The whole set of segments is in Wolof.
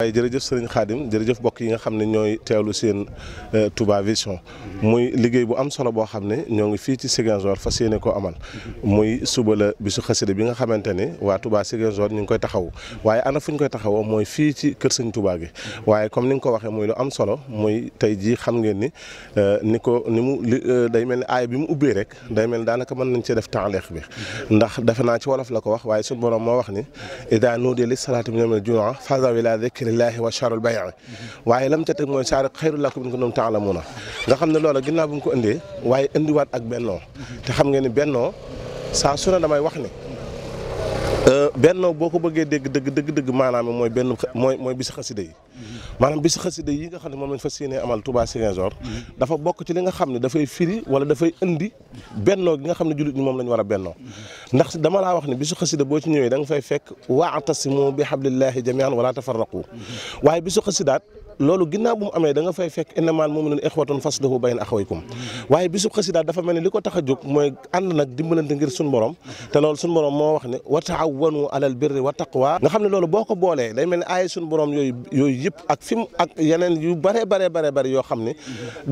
waaye jërëjëf sëriñ Xaadim jërëjëf mbokk yi nga xam ne ñooy teewlu seen euh, Touba Vision muy liggéey bu am solo boo xam ne ñoo ngi fii ci Ziguinchor fas yéene ko amal muy suba la bisu xasida bi nga xamante ne waa tubaa Touba Ziguinchor ñu ngi koy taxaw waaye ana fu ñu koy taxawoo mooy fii ci kër sëñ Touba gi waaye comme ni nga ko waxee muy lu am solo muy tey jii xam ngeen ni euh, ni ko ni mu li euh, day mel ni aaya bi mu ubbee rek day mel ni daanaka mën nañ cee def taaleex bi ndax defe naa ci wolof la ko wax waaye suñu moo wax amrilaahi wa charul bay' waaye lam ca teg mooy saari xayrul lakum in kuntum ta'lamuuna nga xam ne loola ginnaa bu mu ko indee waaye indiwaat ak bennoo te xam ngeen ni bennoo saa su ne damay wax ni Euh, benno boo ko bëggee dégg dëgg dëgg dëgg maanaam mooy benn mooy mooy bisi xasida yi maanaam bisi xasida yi nga xam ne moom lañ fas yéenee amal Touba Ziguinchor dafa bokk ci li nga xam ne dafay firi wala dafay indi bennoo gi nga xam ne jullit ñi moom la ñu war a bennoo ndax dama laa wax ne bisu xasida boo ci ñëwee da nga fay fekk waatasimu bi hablillahi jamian wala tafarraqu waaye bisu xasidaat loolu ginnaaw bu mu amee da nga fay fekk innamal mu'minuuna ixwatun faslihu bayna axawaykum waaye bisu xasida dafa mel ni li ko tax a jóg mooy ànd nag dimbalante ngir suñ borom te loolu suñ borom moo wax ne wa taawanu alal birri wa taqwa nga xam ne loolu boo ko boolee day mel ni aay suñ borom yooyu yooyu yëpp ak fi mu ak yeneen yu bare bare bare bare yoo xam ne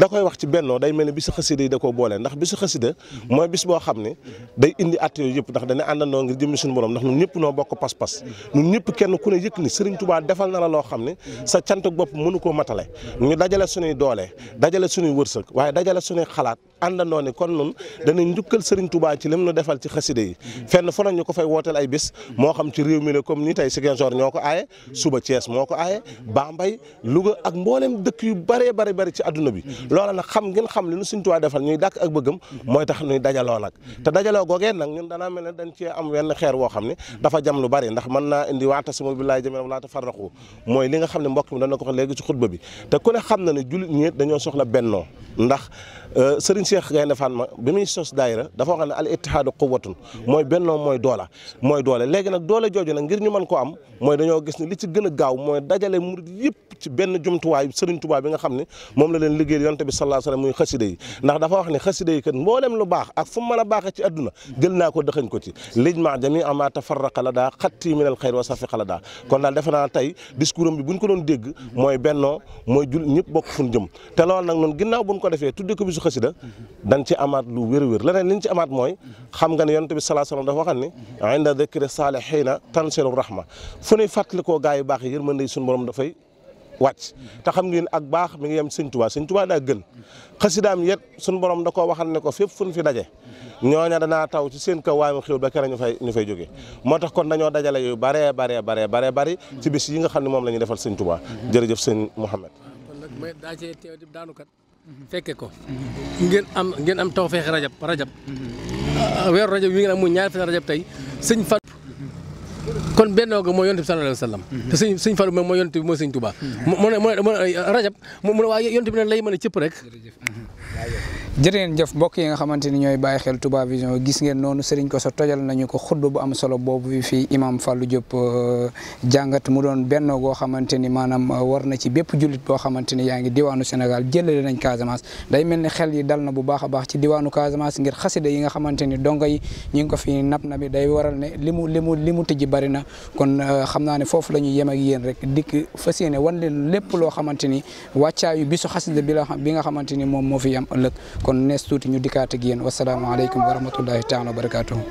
da koy wax ci bennoo day mel ni bisu xasida yi da koo boolee ndax bisu xasida mooy bis boo xam ne day indi at yooyu yëpp ndax dana àndandoo ngir jëmmi suñu borom ndax ñun ñëpp noo bokk pas-pas ñun ñëpp kenn ku ne yëg ni Sëriñ Tuubaa defal na la loo xam ne sa cantuk bopp mënu mënu koo matale ñu dajale suñuy doole dajale suñuy wërsëg waaye dajale suñuy xalaat àndandoo ni kon nun danañ njukkal Serigne Touba ci lim nu defal ci xaside yi fenn fu ñu ko fay wooteel ay bis moo xam ci réew mi la comme ni tey Ziguinchor ñoo ko aaye suba Thiès moo ko aaye Bambey Louga ak mboolem dëkk yu bëree bëri bëri ci adduna bi loola nag xam ngeen xam li nu Serigne Touba defal ñuy dàkk ak bëggam mooy tax ñuy dajaloo nag te dajaloo googee nag ñun danaa mel ne dañ cee am wenn xeer woo xam ne dafa jam lu bëri ndax man naa indi waata suma billahi jami'an wala tafarraqu mooy li xutba bi te ku ne xam na ne jullit ñi dañoo soxla bennoo ndax euh, sëriñ Cheikh Gaynde Fatma bi muy sos daayira dafa wax ne al ittihaadu quwwatun mooy bennoo mooy doola mooy doole léegi nag doole jooju nag ngir ñu mën ko am mooy dañoo gis ne li ci gën a gaaw mooy dajale murid yëpp ci benn jumtuwaay Serigne Touba bi nga xam ne moom la leen liggéeyal yonte bi sallallahu alayhi wasallam muy xasida yi ndax dafa wax ne xasida yi kat mboolem lu baax ak fu mu mën a baaxee ci adduna jël naa ko dëxañ ko ci lijma jami ama tafarraqa la daa xatti min al xayr wa safiqa la daa kon daal defe naa tey discours am bi buñ ko doon dégg mooy benno mooy jul ñëpp bokk fu ñu jëm te loolu nag noonu ginnaaw buñ ko defee tudde ko bisu xasida dañ ci amaat lu wér wér leneen liñ ci amaat mooy xam nga ne yonte bi sallallahu alayhi wasallam dafa waxan ni inda dhikri salihina tansilu rahma fu ne fàttali koo gaa yu baax yi yërmande suñu borom dafay wàcc te xam ngeen ak baax mi ngi yem sëñ Tuubaa sëñ Tuubaa daa gën xasidaam yet suñ borom da koo ne ko fépp fu ñu fi daje ñooña danaa taw ci seen kaw waaye mu xew ba kera ñu ñu fay jógee moo tax kon dañoo dajale yu baree baree baree baree bari ci bis yi nga xam ne moom la ñuy defal sëñ Tuubaa jërëjëf sëñ Mouhamed fekke ko ngeen am ngeen am tawfeex rajab rajab mm-hmm. weeru rajab wi ngeen am mu ñaari fan rajab tey sëñ Fat kon bennoo ga mooy yonent bi sallallahu alayhi wa sallam mhm. te sëñ sëñ Fallu moom mooy yonent bi mooy sëñ Tuubaa mu ne mu ne rajab mu ne waa yonent bi ne lay mën a rek jërë ngeen jëf mbokk yi nga xamante ni ñooy bàyyi xel Touba Vision gis ngeen noonu ko Kosso tojal nañu ko xudd bu am solo boobu fii Imam fallu Diop euh, jàngat mu doon benn goo xamante ni maanaam euh, war na ci bépp jullit boo xamante ni yaa ngi diwaanu Sénégal jëlale nañ Casamance day mel ni xel yi dal na bu baax a baax ci diwaanu Casamance ngir xasida yi nga xamante ni dongo yi ñu ngi ko fi nap na bi day waral ne li mu li mu li mu tëjji bari na kon euh, xam naa ne foofu la ñuy yem ak yéen rek dikk fas yéene wan leen lépp loo xamante ni wàccaayu bisu xasida bi la bi nga xamante ni moom moo fi yam ëllëg kon nees tuuti ñu dikkaat ak yéen wasalaamaaleykum wa rahmatullahi taala wa barakaatuhu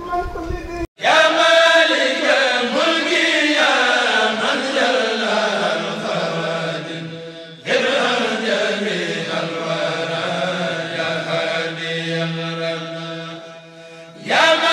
Yàlla